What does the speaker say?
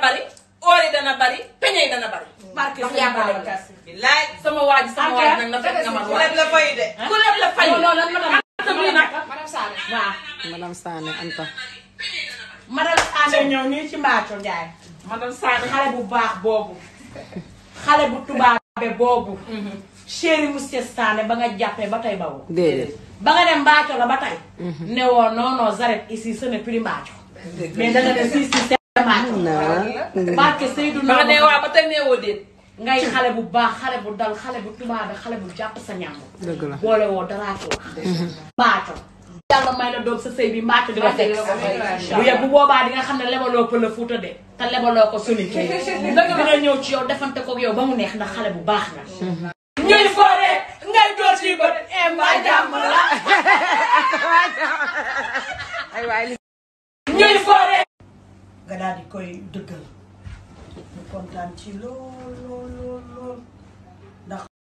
bari oor yi dana bari peñe yi dana bari. Mm. barke bilaay sama waaj sama waaj nag na fekk nga ma. ku leb la fay de. ku leb la fay. madame Sane waaw. madame Sane Anta. madame Sane ñëw nii xale bu baax boobu. xale bu tubaabe boobu. Mhm. chéri monsieur Sane ba nga jàppee ba tey bawoo. déedéet ba nga dem Mbaaco la ba tey. Mhm. ne woon non non j'arrête ici ce mais danga dem fii si Mm-hmm. barke Seydina ba neewaa ba tey neewoo déet ngay xale bu baax xale bu dal xale bu tubaabe xale bu jàpp sa ñam boole woo daraa ci wax mbaaco mm-hmm. yàlla may la doom sa sëy bi mbaaco di la teg bu yeb boobaa di nga xam ne lebaloo pël a fuuta de te lebaloo ko suni kii dëgg nga ñëw ci yow defante ko yow ba mu neex na xale bu baax nga mm-hmm. ñuy foore ngay door ci bët e mbaa jàmm la ñuy foore nga daal di koy dëggal ñu kontaan ci lool lool